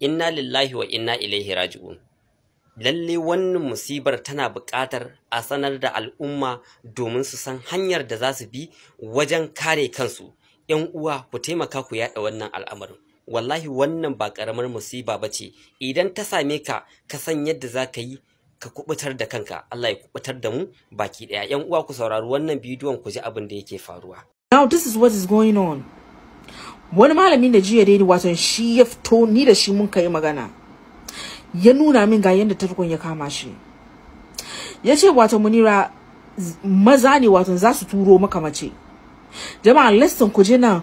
inna lillahi wa inna ilaihi raji'un lalle wannan musibar tana buƙatar a sanar da al'umma domin su san hanyar da za su bi wajen kare kansu ‘yan uwa ku taimaka ku yaɗa wannan al'amarin wallahi wannan ba ƙaramar musiba ba ce idan ta same ka ka san yadda za ka yi ka kubutar da kanka Allah ya kubutar da mu baki ɗaya ‘yan uwa ku saurari wannan bidiyon ku ji abin da yake faruwa now this is what is going on wani malamin da jiya daidai watan shi ya fito ni da shi mun kai magana ya nuna min ga yadda tarkon ya kama shi ya ce wato munira maza ne wato za su turo maka mace jama'a lastin ku nan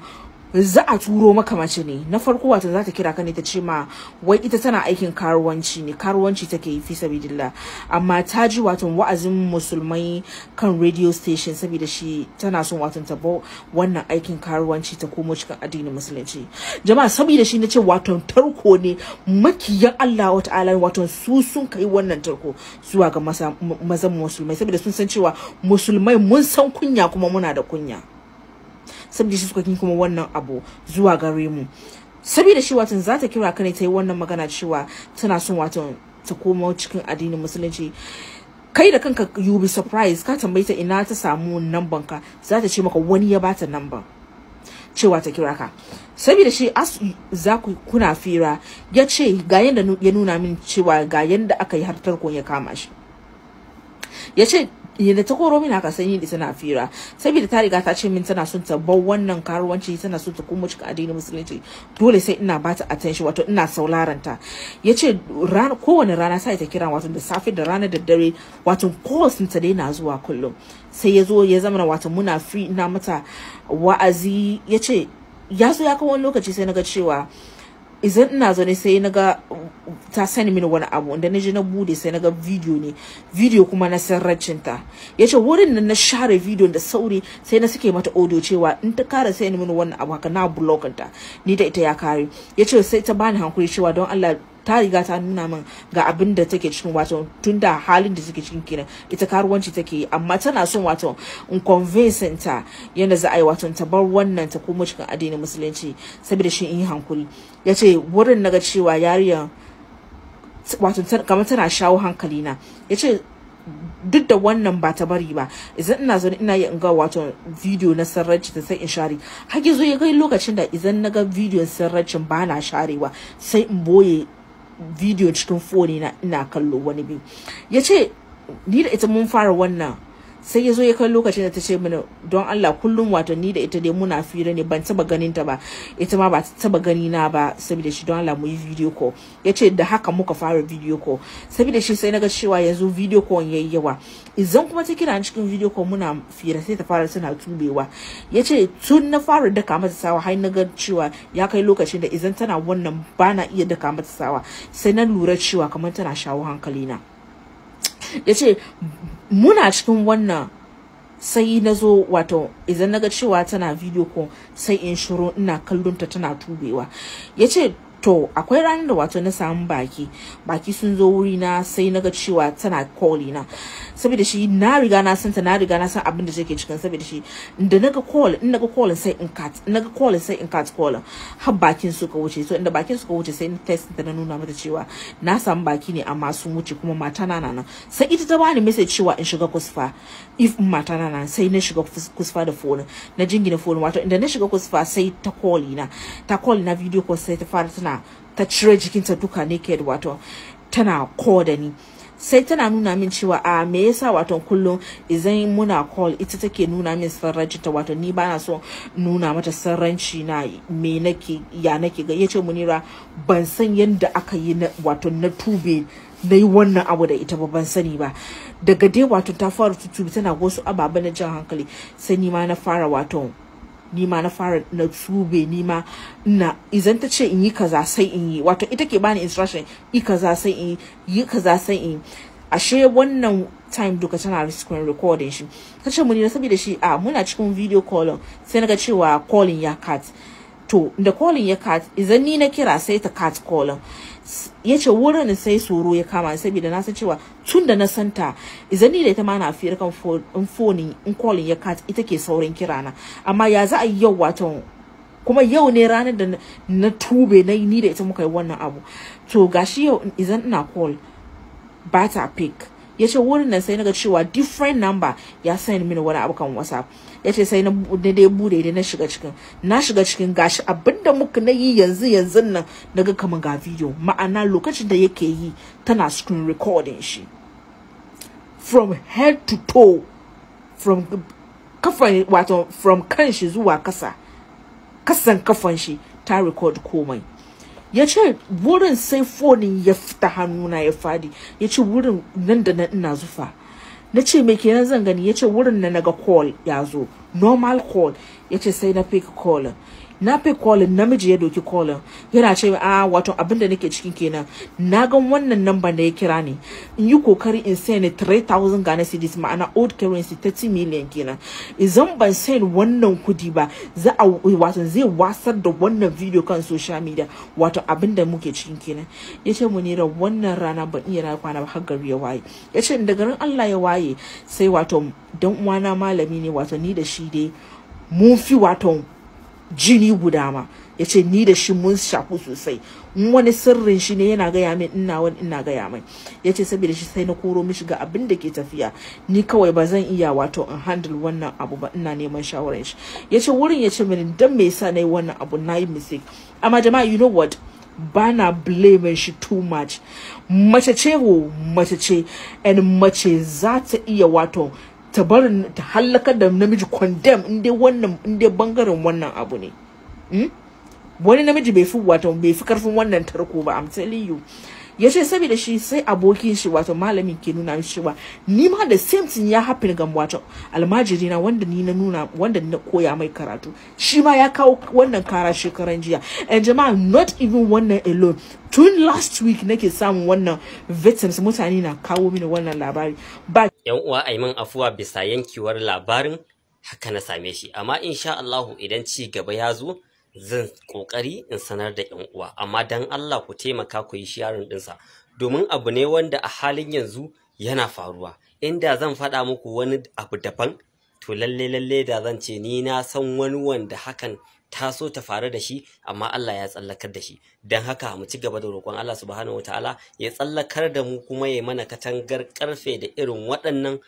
za a turo maka mace ne na farko wato za ta kira ka ne ta ce ma wai ita tana aikin karuwanci ne karuwanci take yi fi sabidillah amma ta ji wato wa'azin musulmai kan radio station saboda shi tana son wato ta wannan aikin karuwanci ta komo cikin addinin musulunci jama'a saboda shi nace wato tarko ne makiyan Allah wa ta'ala wato su sun kai wannan tarko zuwa ga mazan musulmai saboda sun san cewa musulmai mun san kunya kuma muna da kunya saboda shi suka kin kuma wannan abu zuwa gare mu saboda shi watan za kira kane ta yi wannan magana cewa tana son watan ta koma cikin addinin musulunci kai da kanka you be surprise ka tambayi ina ta samu namban ka za ce maka wani ya bata namban cewa ta kira ka saboda shi as za ku kuna fira ya ce ga yanda ya nuna min cewa ga yanda aka yi har tarkon ya kama shi ya ce yadda ta koro mina haka san da tana fira saboda ta riga ta ce min tana son ta bar wannan karuwanci tana son ta kuma cika addinin musulunci dole sai ina bata attention wato ina sauraron ta yace rana kowane rana sai ta kira wato da safe da rana da dare wato calls ta dai na zuwa kullum sai ya zo ya zama wato muna free ina mata wa'azi yace ya so ya kawo wani lokaci sai na ga cewa izan ina zaune sai na ga ta sani mini wani abu inda na je na bude sai na ga video ne video kuma na sarrancin ta yace wurin nan na share video da sauri sai na suke mata audio cewa in ta kara sai mini wani abu haka na block ta ni da ita ya kare yace sai ta bani hankuri cewa don Allah ta riga ta nuna min ga abin da take cikin wato tun da halin da take cikin kenan ita karuwanci take yi amma tana son wato in convince ta yadda za a yi wato ta bar wannan ta koma cikin addinin musulunci saboda shi in yi hankuri ya ce wurin naga cewa yariyan wato kamar tana shawo hankali na yace duk da wannan ba ta bari ba idan ina zaune ina yi in ga wato video na sarrancin ta sai in share har ya kai lokacin da idan na ga video sarrancin ba na sharewa sai in boye video cikin phone na ina kallo wani bi yace ni da ita mun fara wannan sai ya zo ya kai lokacin da ta ce mini don Allah kullum wato ni da ita dai muna fira ne ban taba ganin ta ba ita ma ba ta taba gani na ba saboda shi don Allah mu yi video call yace da haka muka fara video call saboda shi sai naga cewa yanzu video call yayi yawa idan kuma ta kira cikin video call muna fira sai ta fara suna tubewa ce tun na fara daka mata sawa har naga cewa ya kai lokacin da idan tana wannan bana iya daka mata sawa sai na lura cewa kamar tana shawo hankali hankalina ce. muna cikin wannan sai na zo wato idan naga cewa tana video ko sai in shiru ina kallon ta tana tubewa yace to akwai ranar da wato na samu baki baki sun zo wuri na sai naga cewa tana call na saboda shi na riga na santa na riga na san abin da take cikin saboda shi da naga call in naga call sai in cut naga call sai in cut call har bakin suka wuce so inda bakin suka wuce sai in test na nuna mata cewa na samu baki ne amma sun wuce kuma mata na nan sai ita ta bani message cewa in shiga kusfa if mata na nan sai na shiga kusfa da phone na jingina phone wato inda na shiga kusfa sai ta call na ta call na video call sai ta fara tana ta cire jikinta duka naked wato tana ko ni sai tana nuna min cewa a ah, me yasa wato kullum idan muna call ita take nuna min sarranci ta wato ni bana so nuna mata sarranci na me nake ya nake ga yace munira ban san yadda aka yi wato na tube na yi wannan abu da ita ba ban sani ba daga dai wato ta fara tutubi tana wasu ababen na jan hankali sai ni ma na fara wato ni ma na fara na tsube ni ma ina idan ta ce in yi kaza sai in yi wato ita ke bani instruction yi kaza sai in yi kaza sai in ashe wannan time duka tana screen recording shi ta muni mu ne saboda shi a ah, muna cikin video call sai naga cewa calling ya cut to da kolin ya cat idan ni na kira sai ta kat kolin ya ce wurin sai tsoro ya kama saboda na san cewa tun da na santa idan ni da ita ma na fiye kan phone in kolin ya kat ita ke saurin kira na amma ya za a yau watan kuma yau ne ranar da na tube na ni da ita muka yi wannan abu to gashi yau idan ina call bata ta pick ya ce wurin nan sai na ga cewa different number ya send mini wani abu kan whatsapp ya ce sai na dai bude dai na shiga cikin na shiga cikin gashi abinda muka na yi yanzu yanzu nan na ga kamar ga video ma'ana lokacin da yake yi tana screen recording shi from head to toe from kafan wato from kan shi zuwa kasa kasan kafan shi ta record komai ya ce wurin sai fonin ya fita hannuna ya fadi ya ce wurin nan da nan ina zufa na ce mai kenan zan gani ya ce wurin na naga call ya zo normal call ya ce sai na fake call na fi kolin namiji ya doki kolin yana ce a ah, wato abinda nake cikin kenan na gan wannan namba da ya kira ni in yi kokari in sai ni 3000 Ghana cedis ma'ana old currency 30 million kenan idan ban sai wannan kudi ba za a wato zai wasar da wannan video kan social media wato abinda muke cikin kenan ya ce mu nira wannan rana ban iya na kwana ba har gari ya waye ya ce daga garin Allah ya waye sai wato dan uwana malami ne wato ni da shi dai mun fi wato jini guda ma ya ce ni da shi mun shafu sosai wani sirrin shi ne yana gaya min ina wani ina gaya mai ya ce saboda shi sai na koro mishi ga abin da ke tafiya ni kawai ba zan iya wato in handle wannan abu ba ina neman shawarar shi ya ce wurin ya ce mini dan me yasa na yi wannan abu na yi mistake amma jama'a you know what ba na blame shi too much mace ce ho mace ce and mace za ta iya wato ta barin ta hallakar da namiji condemn in dai wannan in dai bangaren wannan abu ne hmm? wani namiji bai fi wato bai fi karfin wannan tarko ba I'm telling you ya ce saboda shi sai abokin shi wato malamin ke nuna mishi cewa ni ma da same thing ya happen ga wato almajiri na wanda ni na nuna wanda na koya mai karatu shi ma ya kawo wannan kara shekaran jiya and jama'a not even wannan alone tun last week nake samun wannan victims mutane na kawo mini wannan labari ba yan uwa aiman afuwa bisa yankewar labarin haka na same shi amma insha allahu idan ci gaba ya zo zan kokari in sanar da yan uwa amma dan Allah ku taimaka ku yi sharing dinsa domin abu ne wanda a halin yanzu yana faruwa inda zan faɗa muku wani abu daban to lalle lalle da zan ce ni na san wani wanda hakan ta so ta faru da shi amma Allah ya tsallakar da shi dan haka mu ci gaba da roƙon Allah subhanahu wataala ya tsallakar da mu kuma ya mana katangar karfe da irin waɗannan